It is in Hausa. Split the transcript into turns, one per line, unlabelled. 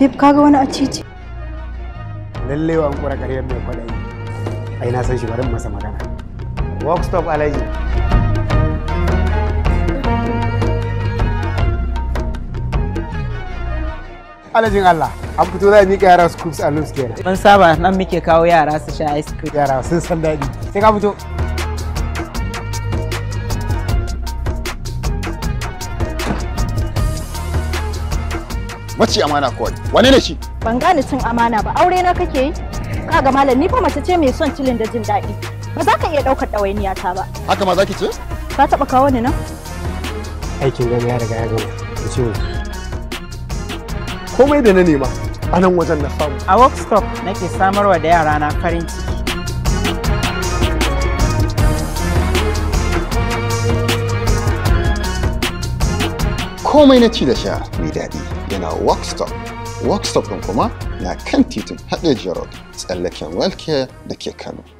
Bib kaga wani a cici. Lalle wa an kura ƙaryar mai kwadayi. Ai na san shi bari masa magana. Walk stop alaji. Alajin Allah, an fito za a miƙa yara su cooks a loose kenan. Mun saba nan muke kawo yara su sha ice cream. Yara sun san daɗi. Sai ka fito. mace amana kawai wane ne shi ban gane cin amana ba aure na kake yi kaga malam ni fa mace ce mai son cilin da jin daɗi ba za ka iya ɗaukar ɗawainiya ta ba haka ma za ki ce ka taɓa kawo ni nan aikin gani ya riga ya gama da ciwo komai da na nema a nan wajen na samu a workshop nake samarwa da yarana farin ciki komai na ci da sha mai daɗi yana Workstop. Workstop ɗin kuma na kan titin Hadeji Road tsallaken Welcare da ke Kano.